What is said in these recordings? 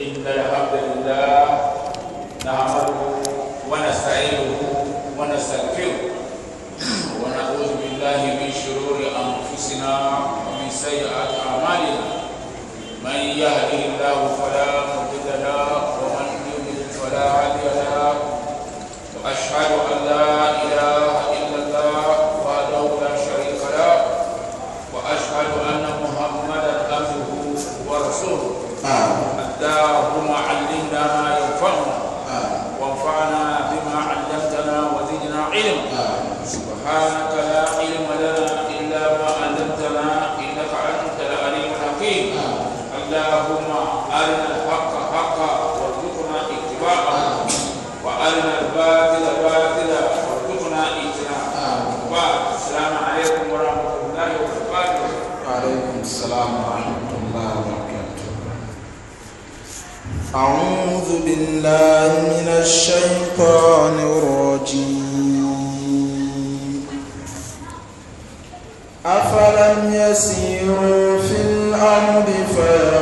الحمد لله نعم السلام ورحمة الله وبركاته أعوذ بالله من الشيطان الرجيم أفلم يسيروا في الأرض فيروا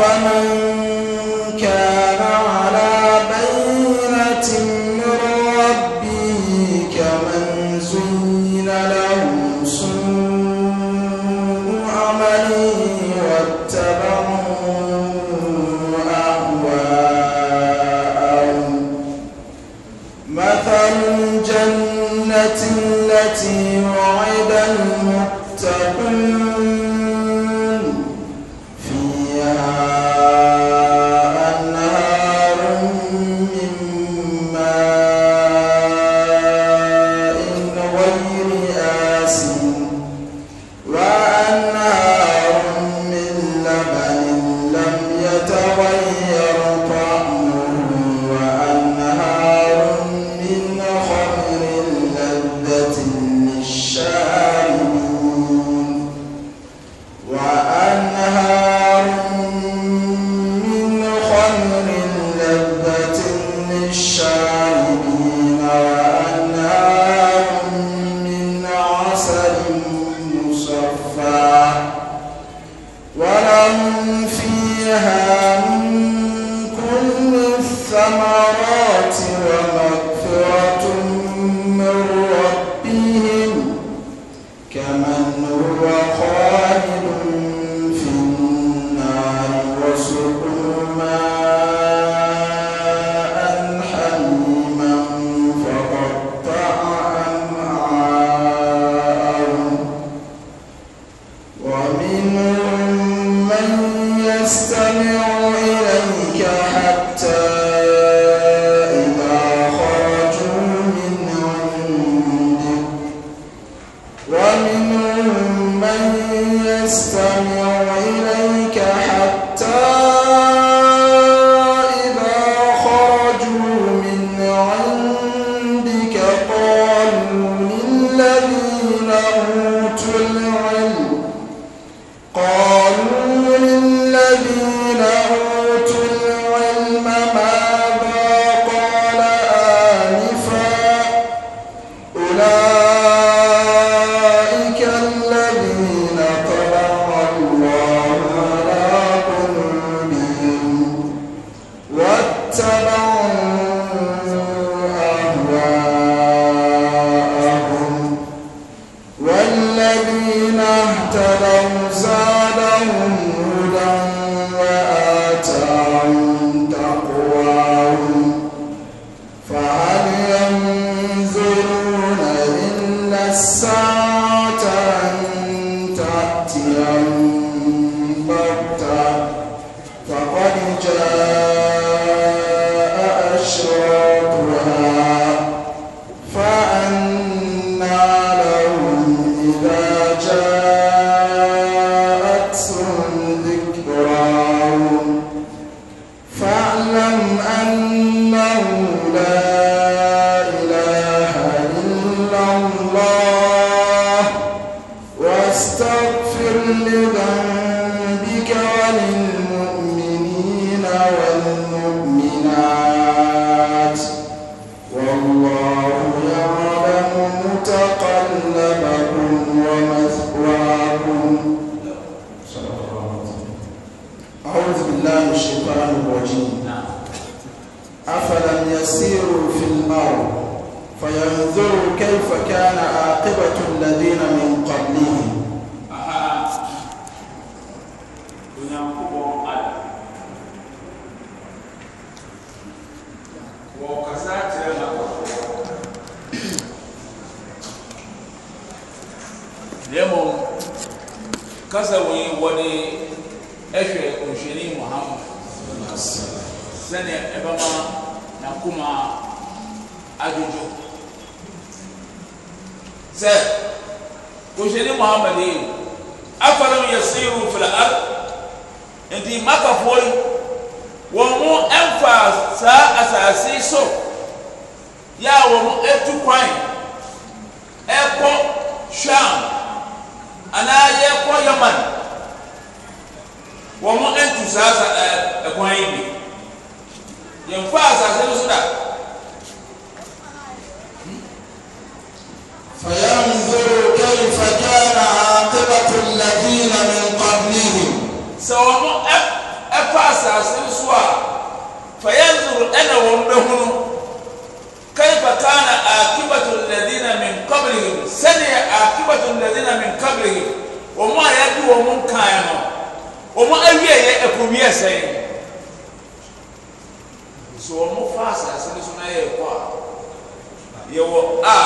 كان على بينة من كمن زين له واتبعوا التي وعد المتقون شربة من الشارع مكلبكم ومثواكم أعوذ بالله من الشيطان الرجيم أفلم يسيروا في الأرض فينظروا كيف كان عاقبة الذين من قبلهم kasa wɔyi wɔde ɛhwɛ ɔhwɛni muhammad sɛnea ɛbɛma n'akoma adwodwo sɛ ɔhwɛni muhammad yi afalam yasiru fil ard nti makafoɔ yi wɔn mo ɛmfa saa asase so yɛ a wɔn mo ɛtu kwan ɛkɔ sham anaa yɛkɔ yaman wɔn mo ɛntu saa sa ɛɛ ɛkwan yi bi yɛn fa asase no so da. فينظروا كيف كان عاقبة الذين من قبلهم. سواء أفا أساس سوى wɔn a yɛde wɔn kan e no wɔn awie yɛ ɛkɔwie sɛn so wɔn fa asase no so na yɛ kɔ a yɛwɔ a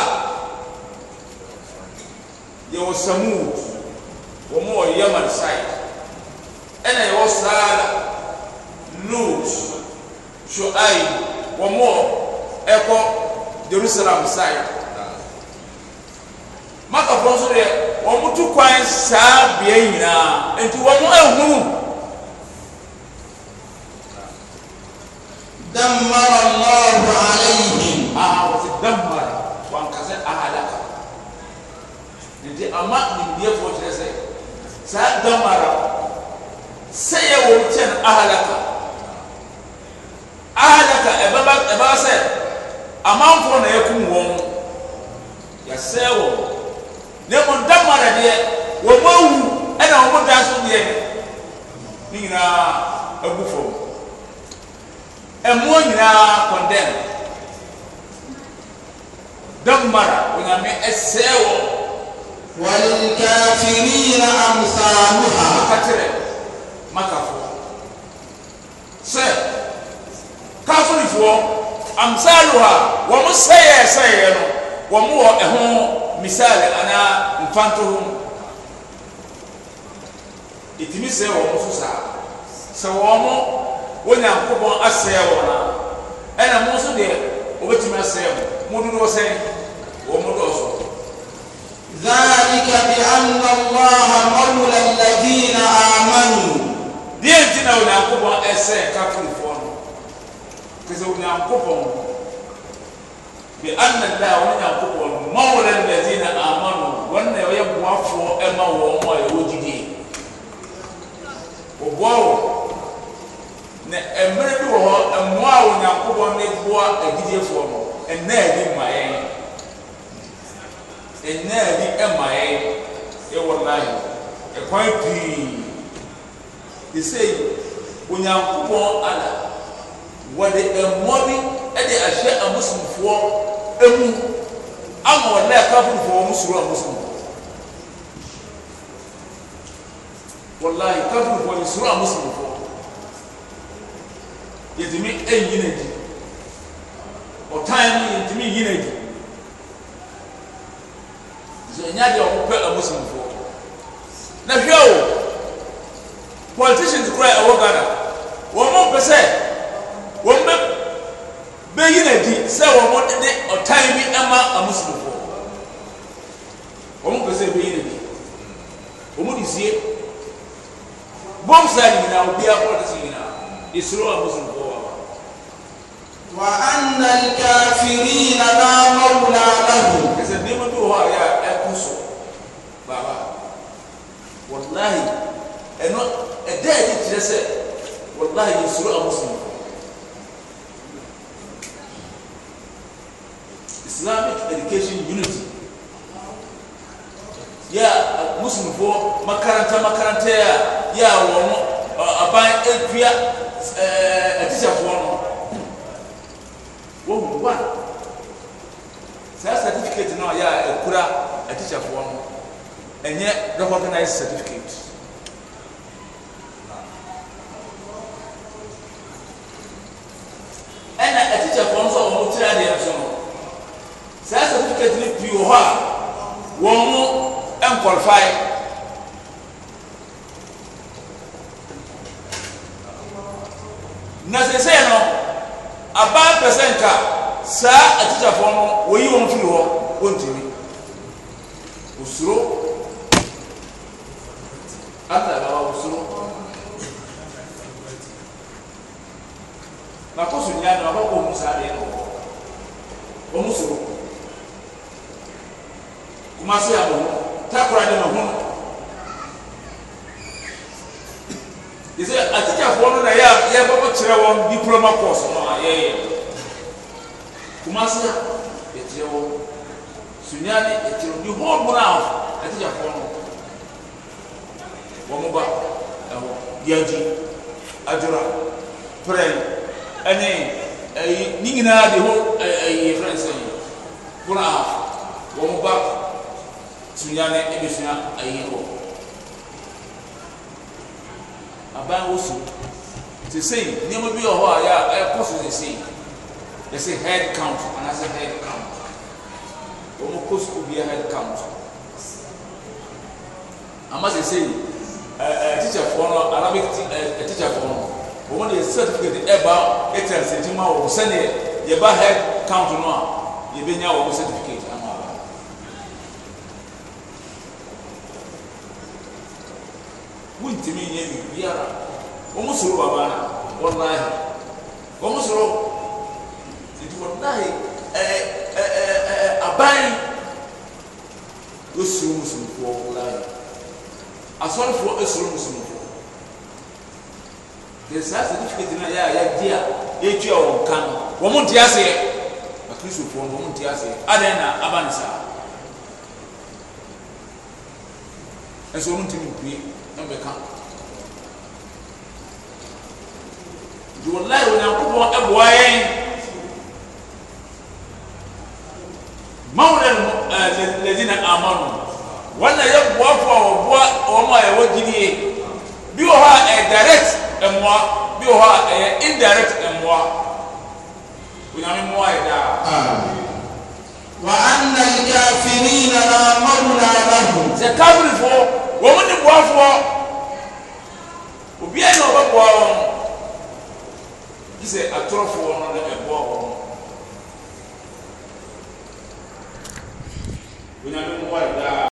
yɛwɔ samud wɔn wɔ yaman side ɛna yɛwɔ saara lut shu'ai wɔn wɔ e ɛkɔ jerusalem side makafoɔ nso deɛ wɔtu kwan saa bea nyinaa nti wɔn ahunu. damara allahu alayhim a wɔsi damara wɔn kasa ahalaka nti ama nimdeɛ fo kyerɛ sɛ saa damara sɛyɛ wɔn kyɛn ahalaka. c dammara onyame ɛsɛɛ wɔ afirin amaluhakakyerɛ makafoɔ sɛ kafonifoɔ amsaloha wɔ mo sɛyɛ sɛyɛɛ no wɔ mowɔ ɛho eh, misal anaa mfantohom ɛtimi sɛɛ wɔ mo so saa sɛ wɔ mo wo nyankobɔn asɛɛ wɔna ɛna mo nso deɛ wɔbɛtumi asɛn mo mo dodoɔ sɛn wɔn mo dɔɔso. ذلك بأن الله مولى الذين deɛ nti na onyankopɔn ɛsɛn kafirifoɔ no kɛsɛ onyankopɔn bi anna da a onyankopɔn mawla alladhina amanu wɔn na boafoɔ ɛma wɔn a gyidie wɔn na mmerɛ bi wɔ hɔ mmoa a onyankopɔn de boa agyidiefoɔ no ɛnna adi ma yɛn ɛnna adi ma yɛn ɛwɔ lae ɛkwan pii ɛsei onyankopɔn ala wɔde mmoa bi de ahyɛ amusumfoɔ mu ama wɔn a ɛka fufuo wɔn soro amusumfoɔ wɔlae ka fufuo wɔn soro amusumfoɔ yɛtumi ɛyi na di ɔtan no yɛtumi yi na di nso ɛnya deɛ ɔkɔpɛ amusinfoɔ na hwɛ o politicians kora ɛwɔ ghana wɔn mo pɛ sɛ wɔn bɛ bɛyi na di sɛ wɔn mo de ɔtan bi ama amusinfoɔ wɔn mo pɛ sɛ bɛyi na di wɔn mo de sie bɔmsa nyinaa obiara kɔɔ de si nyinaa esuro amusinfoɔ. faann اكafirina a ma ɛɛɛ wuo c uc ms aaat aaaa y wá saa certificate náà yɛ a ɛkura atikyafoɔ no ɛnyɛ recognized certificate ɛna atikyafoɔ nso a wɔn kyerɛ adeɛ nso no saa certificate no pii wɔ hɔ a wɔn mo ɛnkwalifae. na sese no abaa pɛ sɛ nka saa atikyafoɔ no wɔyi wɔn firi hɔ wɔntumi osuro ata baba osuro n'akɔso nyaa no abakɔ wɔn saa deɛ no wɔn soro kumasi abɔ ho takora de ma ho no yɛ sɛ atikyafoɔ no na yɛ yɛ bɔbɔ kyerɛ wɔn diploma course no a yɛyɛ no kumasi a ɛkyerɛ wɔ sunia ne ɛkyerɛ ne hɔn mu na ɛkyerɛ fɔ no wɔn ba ɛwɔ yadi adwora prɛn ɛne ɛyi ne nyinaa de hɔ ɛyi fɛn sɛn kura a wɔn ba sunia ne ɛbɛsua ɛyi wɔ aban wɔ so sesei nneɛma bi wɔ hɔ a yɛ a ɛkɔ e, so sesei yɛsɛ head count anaasɛ head count wɔn kɔ sukuu bi yɛ head count ama sese ɛɛ ɛɛ tikyafoɔ no arabic ti teacher tikyafoɔ no wɔn de certificate ɛba ɛtɛn sɛ gyima wɔn sɛdeɛ yɛba head count no a yɛbɛnya wɔn certificate ama ba wuntumi nyɛ biribiara wɔn soro baba na wɔn nan wɔn soro nti wɔn nan ɛɛ ɛɛ ɛɛ aban esuro musumfoɔ ɔlan asɔrefoɔ esuro musumfoɔ de saa certificate na yɛ a yɛgye a a wɔn ka no wɔn nti aseɛ akirisofoɔ no wɔn nti aseɛ adan na aba ne saa ɛsɛ wɔn ntumi mpue ɛmɛka de wɔn lai wɔn nyankopɔn a yɛn. lẹ́dínà àmọ́nù wọn na yɛ buafo a wɔboa wɔn a ɛwɔ gyidie bi wɔ hɔ a ɛyɛ direct mmoa bi wɔ hɔ a ɛyɛ indirect mmoa onyame mmoa yɛ daa. وأن الكافرين لا مولى لهم. sɛ kafiri wɔn ni buafoɔ obiara na ɔbɛboa wɔn kisɛ atorofoɔ no na ɛboa wɔn. Bunyamin memória da